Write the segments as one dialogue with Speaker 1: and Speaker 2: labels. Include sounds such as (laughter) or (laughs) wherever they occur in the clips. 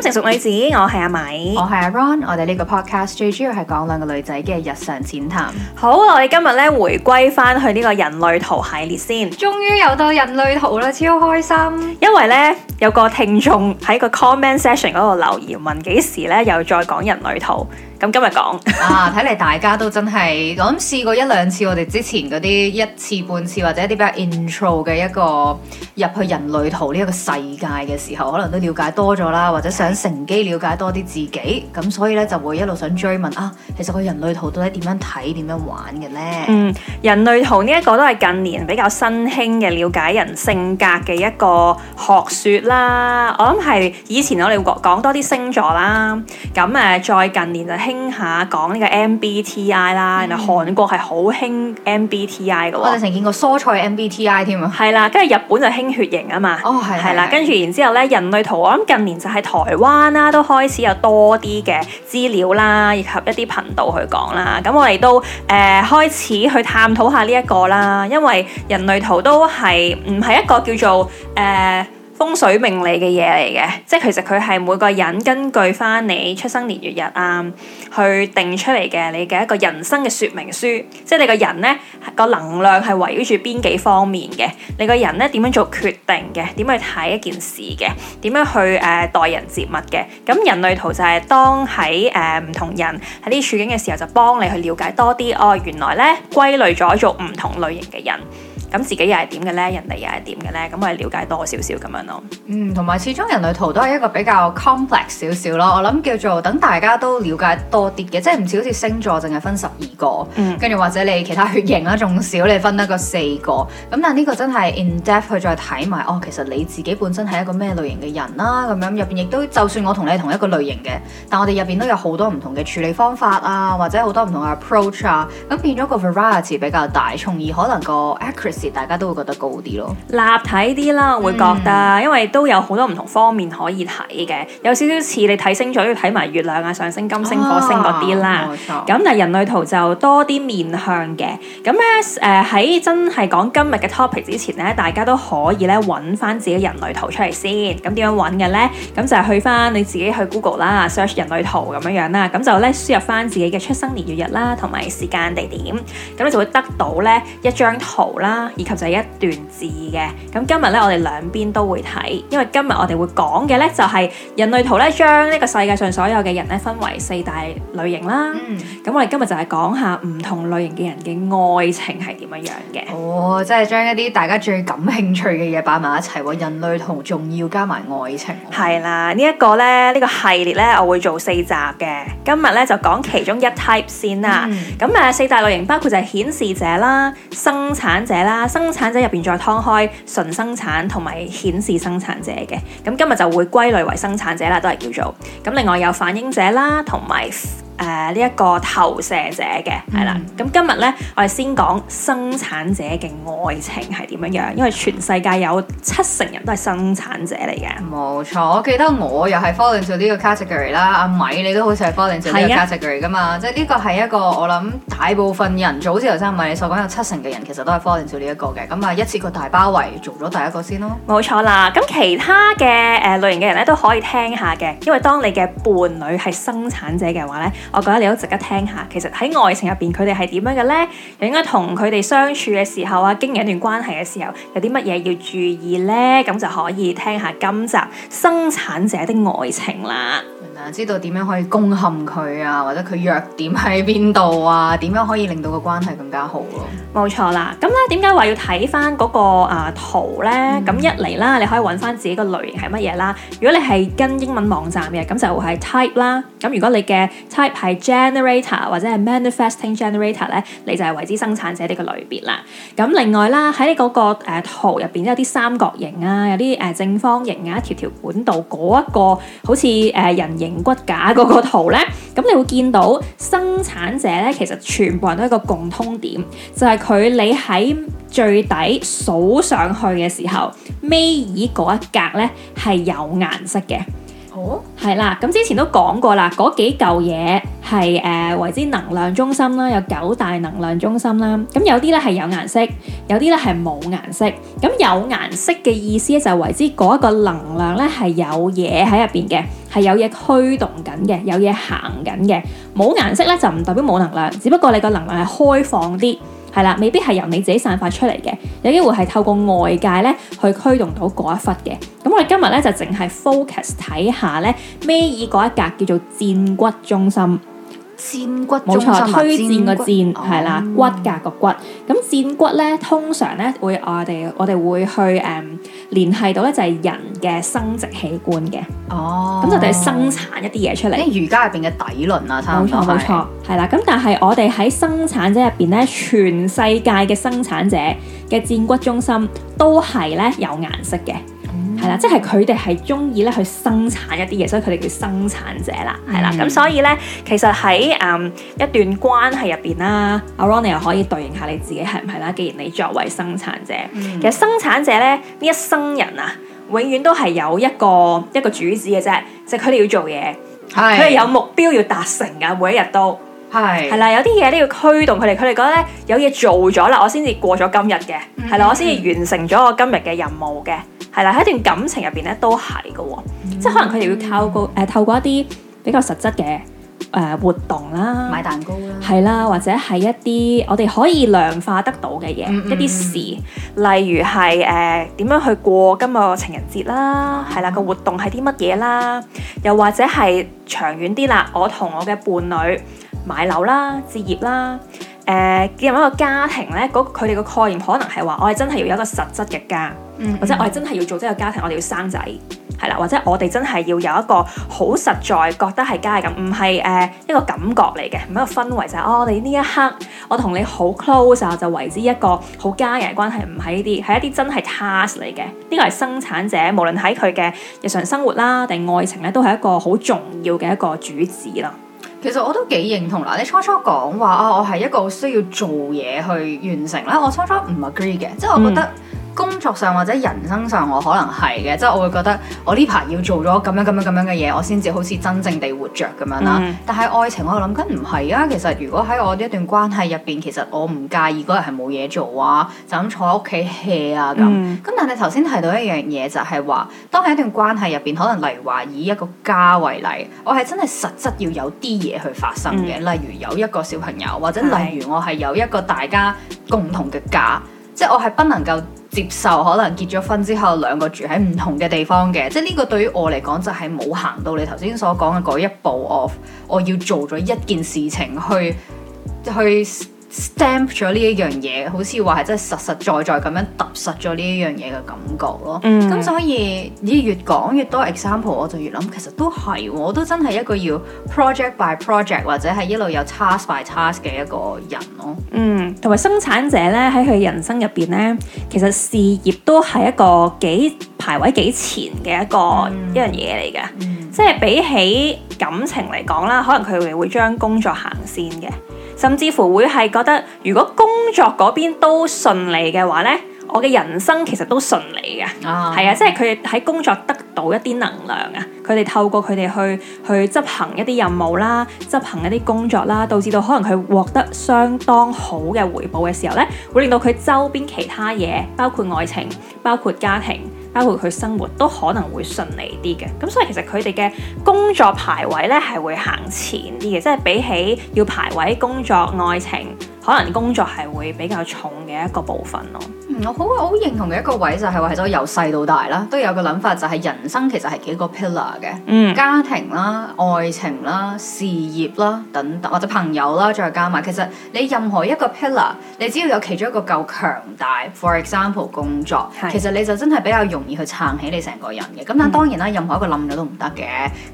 Speaker 1: 成熟女子，我係阿米，我係阿 Ron，我哋呢個 podcast 最主要係講兩個女仔嘅日常淺談。
Speaker 2: 好，我哋今日咧回歸翻去呢個人類圖系列先，終於又到人類圖啦，超開心！因為咧有個聽眾喺個 comment section 嗰度留言問幾時咧又再講人類圖。咁今日講
Speaker 1: (laughs) 啊，睇嚟大
Speaker 2: 家都真係我諗試過一
Speaker 1: 兩次，我哋之前嗰啲一次半次或者一啲比較 intro 嘅一個入去人類圖呢一個世界嘅時候，可能都了解多咗啦，或者想乘機了解多啲自己，咁所以呢，就會一路想追問啊，其實個人類圖到底點樣睇、點樣玩嘅呢？嗯，
Speaker 2: 人類圖呢一個都係近年比較新興嘅了解人性格嘅一個學說啦。我諗係以前我哋會講多啲星座啦，咁誒再近年就是。傾下講呢個 MBTI 啦 MB，然後韓國係好興 MBTI 噶我哋曾經見過蔬菜 MBTI 添啊。係啦，跟住日本就興血型啊嘛，哦係，係啦，跟住的然之後咧，人類圖我諗近年就喺台灣啦都開始有多啲嘅資料啦，以及一啲頻道去講啦，咁我哋都誒、呃、開始去探討下呢、這、一個啦，因為人類圖都係唔係一個叫做誒。呃風水命理嘅嘢嚟嘅，即係其實佢係每個人根據翻你出生年月日啊，去定出嚟嘅你嘅一個人生嘅說明書。即係你個人呢個能量係圍繞住邊幾方面嘅，你個人呢點樣做決定嘅，點去睇一件事嘅，點樣去誒待人接物嘅。咁人類圖就係當喺誒唔同人喺啲處境嘅時候，就幫你去了解多啲哦。原來呢，歸類咗做唔同類型嘅人。咁自己又係點嘅咧？人哋又係點嘅咧？咁我哋了解多少少咁樣咯。嗯，
Speaker 1: 同埋始終人類圖都係一個比較 complex 少少咯。我諗叫做等大家都了解多啲嘅，即係唔似好似星座淨係分十二個，跟住、嗯、或者你其他血型啊仲少，你分得個四個。咁但呢個真係 in depth 去再睇埋，哦，其實你自己本身係一個咩類型嘅人啦。咁樣入邊亦都，就算我同你係同一個類型嘅，但我哋入邊都有好多唔同嘅處理方法啊，或者好多唔同嘅 approach 啊。咁變咗個 variety 比較大，從而可能個 accuracy。時大家都會覺得高啲咯，
Speaker 2: 立體啲啦，我會覺得，嗯、因為都有好多唔同方面可以睇嘅，有少少似你睇星座要睇埋月亮啊、上升金星、啊、火星嗰啲啦。冇錯，咁但係人類圖就多啲面向嘅。咁咧誒喺真係講今日嘅 topic 之前咧，大家都可以咧揾翻自己人類圖出嚟先。咁點樣揾嘅咧？咁就係去翻你自己去 Google 啦，search 人類圖咁樣樣啦。咁就咧輸入翻自己嘅出生年月日啦，同埋時間地點，咁你就會得到咧一張圖啦。以及就係一段字嘅，咁今日咧我哋兩邊都會睇，因為今日我哋會講嘅咧就係、是、人類圖咧將呢個世界上所有嘅人咧分為四大類型啦。咁、嗯、我哋今日就係講下唔同類型嘅人嘅愛情係點樣樣嘅。
Speaker 1: 哦，即係將一啲大家最感興趣嘅嘢，擺埋一齊。人類圖仲要加埋愛情。
Speaker 2: 係啦，這個、呢一個咧呢個系列咧我會做四集嘅，今日咧就講其中一 type 先啦，咁誒、嗯、四大類型包括就係顯示者啦、生產者啦。啊、生產者入邊再劏開純生產同埋顯示生產者嘅，咁今日就會歸類為生產者啦，都係叫做。咁另外有反應者啦，同埋誒呢一個投射者嘅，係啦、嗯嗯。咁今日呢，我哋先講生產者嘅愛情係點樣樣，因為全世界有七成人都係生產者嚟嘅。冇錯，我記得我又係 fall into 呢個 category 啦。阿米
Speaker 1: 你都好似係 fall into 呢個 category 噶、啊、嘛？即係呢個係一個我諗大部分人，早知頭先阿米你所講有七成嘅人其實都係 fall into 呢一個嘅。咁啊，一次過大包圍做咗第一個先咯。
Speaker 2: 冇錯啦。咁其他嘅誒、呃、類型嘅人咧都可以聽下嘅，因為當你嘅伴侶係生產者嘅話呢。我覺得你都值得聽下，其實喺愛情入邊佢哋係點樣嘅呢？又應該同佢哋相處嘅時候啊，經營一段關係嘅時候，有啲乜嘢要注意呢？咁就可以聽下今集生產者的愛情啦。知道點樣可以
Speaker 1: 攻陷佢啊？或者佢弱點喺邊度啊？點樣可以令到個關係更加好咯？
Speaker 2: 冇錯啦！咁咧，點解話要睇翻個啊圖咧？咁、嗯、一嚟啦，你可以揾翻自己個類型係乜嘢啦。如果你係跟英文網站嘅，咁就係 type 啦。咁如果你嘅 type 係 generator 或者係 manifesting generator 咧，你就係為之生產者呢個類別啦。咁另外啦，喺嗰、你個誒、呃、圖入邊有啲三角形啊，有啲誒正方形啊，一條條管道嗰一個好似誒、呃、人形。骨架嗰個圖咧，咁你會見到生產者咧，其實全部人都係一個共通點，就係佢你喺最底數上去嘅時候，尾二嗰一格咧係有顏色嘅。哦，係啦。咁之前都講過啦，嗰幾嚿嘢係誒為之能量中心啦，有九大能量中心啦。咁有啲咧係有顏色，有啲咧係冇顏色。咁有顏色嘅意思咧就係為之嗰一個能量咧係有嘢喺入邊嘅。係有嘢驅動緊嘅，有嘢行緊嘅。冇顏色咧就唔代表冇能量，只不過你個能量係開放啲，係啦，未必係由你自己散發出嚟嘅，有機會係透過外界咧去驅動到嗰一忽嘅。咁我哋今日咧就淨係 focus 睇下咧咩耳嗰一格叫做戰骨中心。
Speaker 1: 薦骨中心，薦錯推
Speaker 2: 骨係啦，薦骨骼個的、oh. 骨咁薦骨咧，通常咧會我哋我哋會去誒聯繫到咧就係人嘅生殖器官嘅
Speaker 1: 哦。咁就哋生
Speaker 2: 產一啲嘢出嚟，即係瑜伽入邊嘅底輪啊，差唔多，冇錯係啦。咁但係我哋喺生產者入邊咧，全世界嘅生產者嘅薦骨中心都係咧有顏色嘅。係啦，即係佢哋係中意咧去生產一啲嘢，所以佢哋叫生產者啦，係啦。咁、mm hmm. 所以咧，其實喺誒、嗯、一段關係入邊啦，阿 Ronn 又可以對應下你自己係唔係啦？既然你作為生產者，mm hmm. 其實生產者咧呢一生人啊，永遠都係有一個一個主旨嘅啫，即係佢哋要做嘢，佢哋 Yes. 有目標要達成嘅，每一日都。係係啦，有啲嘢都要驅動佢哋。佢哋覺得咧，有嘢做咗啦，我先至過咗今日嘅，係啦，我先至完成咗我今日嘅任務嘅，係啦。喺一段感情入邊咧都係噶，嗯、即係可能佢哋要透過誒透過一啲比較實質嘅誒活動啦，買蛋糕啦係啦，或者係一啲我哋可以量化得到嘅嘢，嗯嗯、一啲事，例如係誒點樣去過今日個情人節啦，係啦，個活動係啲乜嘢啦，又或者係長遠啲啦，我同我嘅伴侶。買樓啦、置業啦、誒建立一個家庭咧，佢哋嘅概念可能係話，我係真係要有一個實質嘅家，嗯、或者我係真係要做呢個家庭，我哋要生仔，係啦，或者我哋真係要有一個好實在覺得係家咁，唔係誒一個感覺嚟嘅，唔係一個氛圍就係、是、哦，我哋呢一刻我同你好 close 啊，就為之一個好家人關係，唔係呢啲，係一啲真係 task 嚟嘅。呢個係生產者，無論喺佢嘅日常生活啦，定愛情咧，都係一個好重要嘅一個主旨啦。
Speaker 1: 其實我都幾認同啦，你初初講話啊，我係一個需要做嘢去完成咧，我初初唔係 agree 嘅，即係我覺得。嗯工作上或者人生上，我可能係嘅，即係我會覺得我呢排要做咗咁樣咁樣咁樣嘅嘢，我先至好似真正地活着咁樣啦。Mm hmm. 但係愛情，我諗緊唔係啊。其實如果喺我呢一段關係入邊，其實我唔介意嗰人係冇嘢做啊，就咁坐喺屋企 hea 啊咁。咁但係你頭先提到一樣嘢，就係話當係一段關係入邊，可能例如話以一個家為例，我係真係實質要有啲嘢去發生嘅，mm hmm. 例如有一個小朋友，或者例如我係有一個大家共同嘅家，mm hmm. 即係我係不能夠。接受可能結咗婚之後兩個住喺唔同嘅地方嘅，即係呢個對於我嚟講就係冇行到你頭先所講嘅嗰一步。我我要做咗一件事情去去。Stamp 咗呢一樣嘢，好似話係真係實實在在咁樣揼實咗呢一樣嘢嘅感覺咯。咁、嗯、所以，你越講越多 example，我就越諗其實都係，我都真係一個要 project by project 或者係一路有 task by task 嘅一個人咯。嗯，
Speaker 2: 同埋生產者咧喺佢人生入邊咧，其實事業都係一個幾排位幾前嘅一個、嗯、一樣嘢嚟嘅，嗯、即係比起感情嚟講啦，可能佢會將工作行先嘅。甚至乎會係覺得，如果工作嗰邊都順利嘅話呢，我嘅人生其實都順利嘅。啊，係啊，即係佢哋喺工作得到一啲能量啊，佢哋透過佢哋去去執行一啲任務啦，執行一啲工作啦，導致到可能佢獲得相當好嘅回報嘅時候呢，會令到佢周邊其他嘢，包括愛情，包括家庭。包括佢生活都可能會順利啲嘅，咁所以其實佢哋嘅工作排位咧係會行前啲嘅，即係比起要排位工作愛情。可能工作係會比較重嘅一個部分咯。嗯，
Speaker 1: 我好好認同嘅一個位就係係話，咗、係、由細到大啦，都有個諗法就係、是、人生其實係幾個 pillar 嘅，嗯，家庭啦、愛情啦、事業啦等等，或者朋友啦，再加埋。其實你任何一個 pillar，你只要有其中一個夠強大，for example 工作，是其實你就真係比較容易去撐起你成個人嘅。咁但、嗯、當然啦，任何一個冧咗都唔得嘅。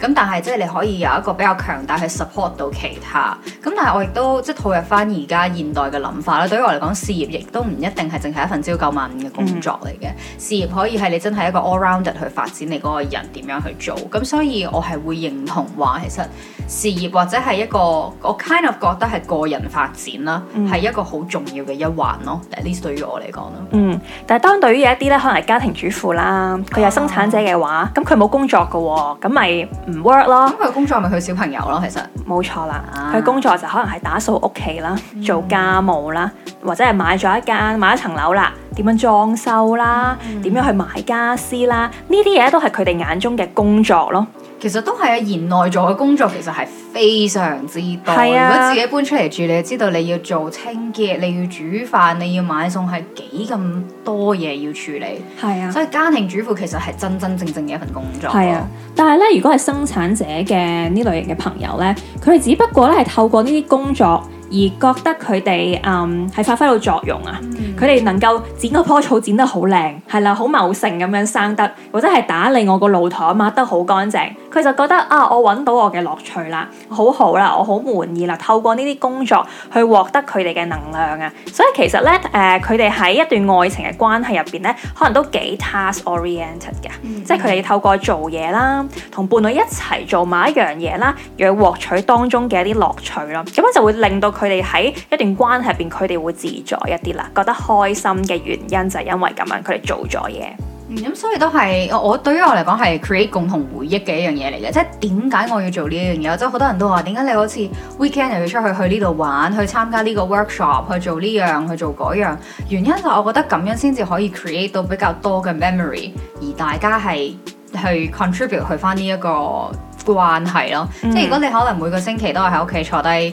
Speaker 1: 咁但係即係你可以有一個比較強大去 support 到其他。咁但係我亦都即係套入翻而家現代嘅諗法咧，對於我嚟講，事業亦都唔一定係淨係一份朝九晚五嘅工作嚟嘅，嗯、事業可以係你真係一個 all rounder 去發展你嗰個人點樣去做，咁所以我係會認同話，其實。事業或者係一個我 kind of 覺得係個人發展啦，係、嗯、一個好重要嘅一環咯。At least 對於我嚟講
Speaker 2: 咯。嗯，但係當對於一啲咧，可能係家庭主婦啦，佢係能生產者嘅話，咁佢冇工作㗎喎，咁咪唔 work 咯。佢工作咪佢小朋友咯，其實冇錯啦。佢、啊、工作就可能係打掃屋企啦，嗯、做家務啦，或者係買咗一間買一層樓啦，點樣裝修啦，點、嗯、樣去買家私啦，呢啲嘢都係佢哋眼中嘅工作咯。其實都係啊，賢內做嘅工作其實係
Speaker 1: 非常之多。啊、如果自己搬出嚟住，你就知道你要做清潔，你要煮飯，你要買餸，係幾咁多嘢要處理。係啊，所以家庭主婦其實係真真正正嘅一份工作。係啊，
Speaker 2: 但係咧，如果係生產者嘅呢類型嘅朋友咧，佢哋只不過咧係透過呢啲工作而覺得佢哋嗯係發揮到作用啊。佢哋、嗯、能夠剪個棵草剪得好靚，係啦、啊，好茂盛咁樣生得，或者係打理我個露台抹得好乾淨。佢就覺得啊，我揾到我嘅樂趣啦，好好啦，我好滿意啦。透過呢啲工作去獲得佢哋嘅能量啊，所以其實咧誒，佢哋喺一段愛情嘅關係入邊咧，可能都幾 task-oriented 嘅，mm hmm. 即係佢哋透過做嘢啦，同伴侶一齊做埋一樣嘢啦，去獲取當中嘅一啲樂趣咯。咁樣就會令到佢哋喺一段關係入邊，佢哋會自在一啲啦，覺得開心嘅原因就係因為咁樣，佢哋做咗嘢。
Speaker 1: 咁、嗯、所以都係我，我對於我嚟講係 create 共同回憶嘅一樣嘢嚟嘅，即係點解我要做呢樣嘢？即係好多人都話點解你好似 weekend 又要出去去呢度玩，去參加呢個 workshop，去做呢樣去做嗰樣？原因就係我覺得咁樣先至可以 create 到比較多嘅 memory，而大家係去 contribute 去翻呢一個。關係咯，即係如果你可能每個星期都係喺屋企坐低誒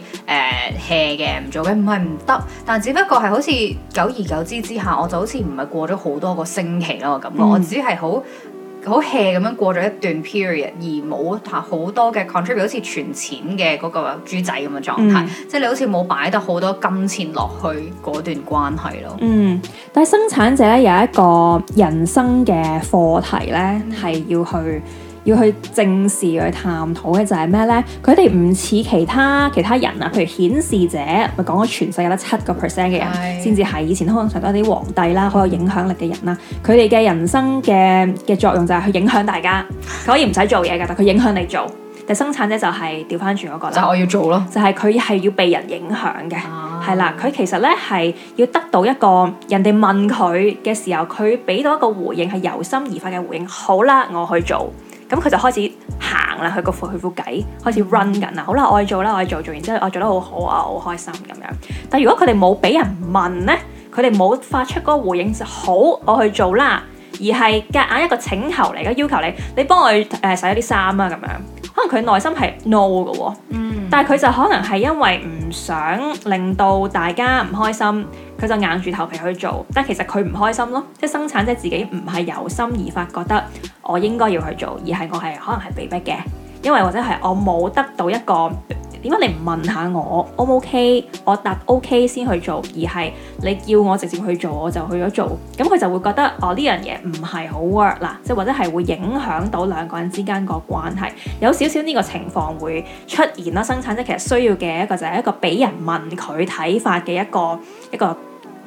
Speaker 1: hea 嘅，唔、呃、做嘅唔係唔得，但只不過係好似久而久之之下，我就好似唔係過咗好多個星期咯感覺，嗯、我只係好好 hea 咁樣過咗一段 period，而冇好多嘅 contribute 好似存錢嘅嗰個豬仔咁嘅狀態，嗯、即係你好似冇擺得好多金錢落去嗰段關係咯。嗯，
Speaker 2: 但係生產者咧有一個人生嘅課題咧係、嗯、要去。要去正視去探討嘅就係咩呢？佢哋唔似其他其他人啊，譬如顯示者咪講咗全世界得七個 percent 嘅人先至係，以前通常都係啲皇帝啦，好有影響力嘅人啦。佢哋嘅人生嘅嘅作用就係去影響大家，佢可以唔使做嘢㗎，但佢影響你做。但生產者就係調翻轉嗰個啦，就我要做咯，就係佢係要被人影響嘅，係啦、啊。佢其實呢係要得到一個人哋問佢嘅時候，佢俾到一個回應係由心而發嘅回應。好啦，我去做。咁佢就開始行啦，佢個副計，開始 run 緊啦。好啦，我啦我我好、啊我啊好，我去做啦，我去做做，完之後我做得好好啊，好開心咁樣。但如果佢哋冇俾人問呢，佢哋冇發出嗰個回應，好我去做啦，而係夾硬一個請求嚟嘅要求你，你幫我誒、呃、洗咗啲衫啊咁樣。可能佢內心係 no 嘅喎，嗯，但係佢就可能係因為唔想令到大家唔開心。佢就硬住頭皮去做，但其實佢唔開心咯，即生產者自己唔係由心而發，覺得我應該要去做，而係我係可能係被逼嘅，因為或者係我冇得到一個點解你唔問下我 O 唔 OK，我答 OK 先去做，而係你叫我直接去做我就去咗做，咁佢就會覺得哦呢樣嘢唔係好 work 喇，即或者係會影響到兩個人之間個關係，有少少呢個情況會出現啦。生產者其實需要嘅一個就係一個俾人問佢睇法嘅一個一個。一個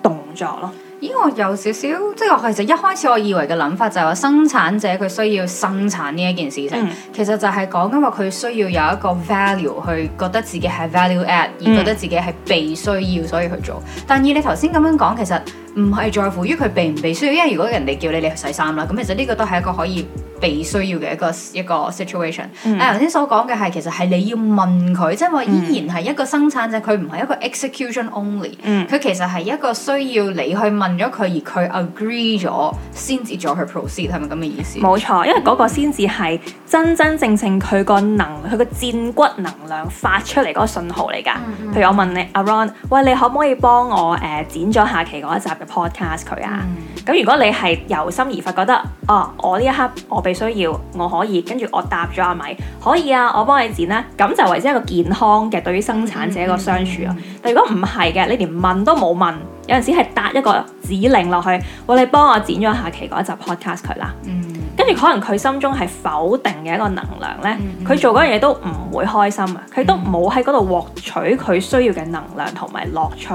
Speaker 2: 動作咯，咦
Speaker 1: 我有少少，即係話其實一開始我以為嘅諗法就係話生產者佢需要生產呢一件事情，嗯、其實就係講緊話佢需要有一個 value 去覺得自己係 value add，而覺得自己係被需要所以去做。但以你頭先咁樣講，其實唔係在乎於佢被唔被需要，因為如果人哋叫你你去洗衫啦，咁其實呢個都係一個可以。被需要嘅一個一個 situation，但頭先所講嘅係其實係你要問佢，即係話依然係一個生產者，佢唔係一個 execution only，佢、嗯、其實係一個需
Speaker 2: 要你去問咗佢而佢 agree 咗先至再去 proceed，係咪咁嘅意思？冇錯，因為嗰個先至係真真正正佢個能佢個薦骨能量發出嚟個信號嚟㗎。嗯嗯，譬如我問你阿 Ron 喂，你可唔可以幫我誒、呃、剪咗下期嗰一集嘅 podcast 佢啊？咁、嗯、如果你係由心而發覺得，哦、啊，我呢一刻我被需要，我可以跟住，我答咗阿米，可以啊，我幫你剪啦、啊，咁就為之一個健康嘅對於生產者個相處啊。但如果唔係嘅，你連問都冇問，有陣時係答一個指令落去，喂，你幫我剪咗下期嗰一集 podcast 佢啦，嗯，跟住可能佢心中係否定嘅一個能量咧，佢、嗯、做嗰樣嘢都唔會開心啊，佢都冇喺嗰度獲取佢需要嘅能量同埋樂趣。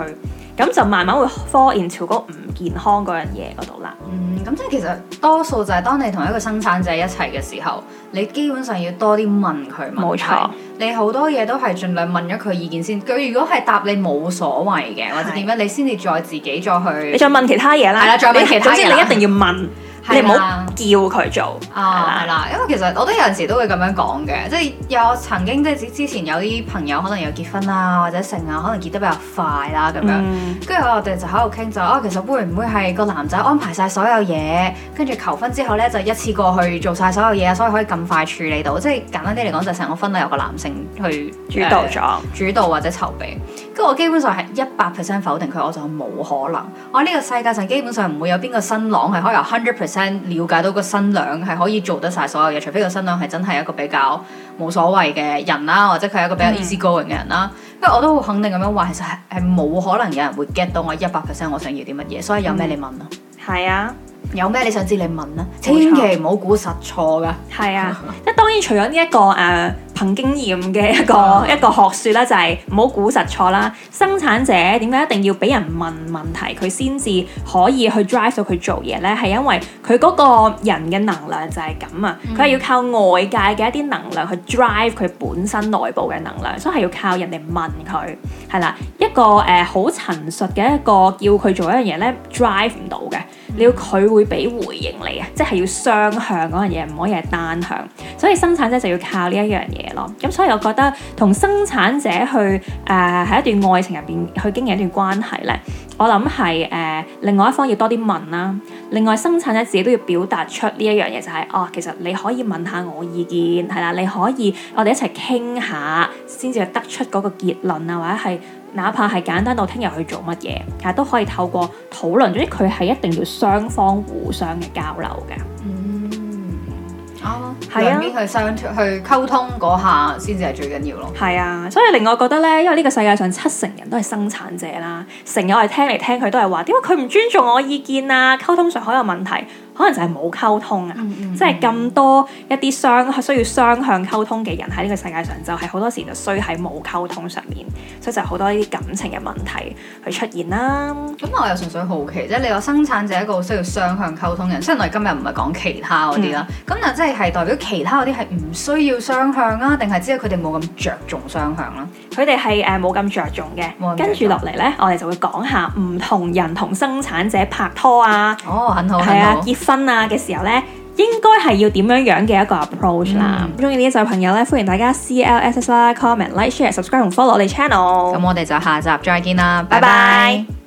Speaker 2: 咁就慢慢會 fall into 嗰唔健康嗰樣嘢嗰度啦。嗯，咁
Speaker 1: 即係其實多數就係當你同一個生產者一齊嘅時候，你基本上要多啲問佢。冇錯，你好多嘢都係盡量問咗佢意見先。佢如果係答你冇所謂嘅，是或者點樣，你先至再自己再去。你再問其他
Speaker 2: 嘢啦。係啦，再問其他嘢。總之你一定要問。 (laughs) 你唔好叫佢做
Speaker 1: 啊，係啦、哦，吧因為其實我都有陣時都會咁樣講嘅。即係有曾經即係之前有啲朋友可能有結婚啊，或者成啊，可能結得比較快啦咁樣，跟住、嗯、我哋就喺度傾就哦，其實會唔會係個男仔安排晒所有嘢，跟住求婚之後呢，就一次過去做晒所有嘢啊，所以可以咁快處理到，即係簡單啲嚟講就成個婚禮由個男性去主導咗、呃、主導或者籌備。因為我基本上係一百 percent 否定佢，我就冇可能。我呢個世界上基本上唔會有邊個新郎係可以由 hundred percent 了解到個新娘係可以做得晒所有嘢，除非個新娘係真係一個比較冇所謂嘅人啦，或者佢係一個比較 easy going 嘅人啦。不過、mm. 我都好肯定咁樣話，其實係冇可能有人會 get 到我一百 percent 我想要啲乜嘢。所以有咩你問啊？係啊、mm.。 (noise) 有咩你想知你問啦？千祈唔好估實錯噶、嗯。
Speaker 2: 係 (laughs) 啊，即當然除咗呢一個誒、呃、憑經驗嘅一個 (laughs) 一個學説啦，就係唔好估實錯啦。生產者點解一定要俾人問問題，佢先至可以去 drive 到佢做嘢咧？係因為佢嗰個人嘅能量就係咁啊，佢係要靠外界嘅一啲能量去 drive 佢本身內部嘅能量，所以係要靠人哋問佢係啦。一個誒好、呃、陳述嘅一個叫佢做一樣嘢咧，drive 唔到嘅。要你要佢會俾回應你啊，即係要雙向嗰樣嘢，唔可以係單向。所以生產者就要靠呢一樣嘢咯。咁、嗯、所以我覺得同生產者去誒喺、呃、一段愛情入邊去經營一段關係咧，我諗係誒另外一方要多啲問啦，另外生產者自己都要表達出呢一樣嘢，就係哦，其實你可以問下我意見，係啦，你可以我哋一齊傾下，先至得出嗰個結論啊，或者係。哪怕係簡單到聽日去做乜嘢，但係都可以透過討論，總之佢係一定要雙方互相嘅交流㗎。嗯，啊係啊，兩邊
Speaker 1: 去相去溝通嗰下先至係最緊要咯。係啊，
Speaker 2: 所以令我覺得咧，因為呢個世界上七成人都係生產者啦，成日我哋聽嚟聽去都係話，點解佢唔尊重我意見啊？溝通上好有問題，可能就係冇溝通啊。嗯嗯嗯，即係咁多一啲雙需要雙向溝通嘅人喺呢個世界上，就係好多時就衰喺冇溝通上面，所以就係好多呢啲感情嘅問題去出現啦。咁我又
Speaker 1: 純粹好奇即係，你話生產者一個需要雙向溝通人，雖然我哋今日唔係講其他嗰啲啦，
Speaker 2: 咁、嗯、就即係係代。如果其他嗰啲係唔需要雙向啊，定係只有佢哋冇咁着重雙向啦、啊，佢哋係誒冇咁着重嘅。跟住落嚟呢，我哋就會講下唔同人同生產者拍拖啊，哦，很好，係啊，好結婚啊嘅時候呢，應該係要點樣樣嘅一個 approach 啦。咁鍾意呢一集朋友呢，歡迎大家 CLS 啦，comment、like、share、subscribe 同 follow 我哋 channel。咁我哋就下集再見啦，拜拜。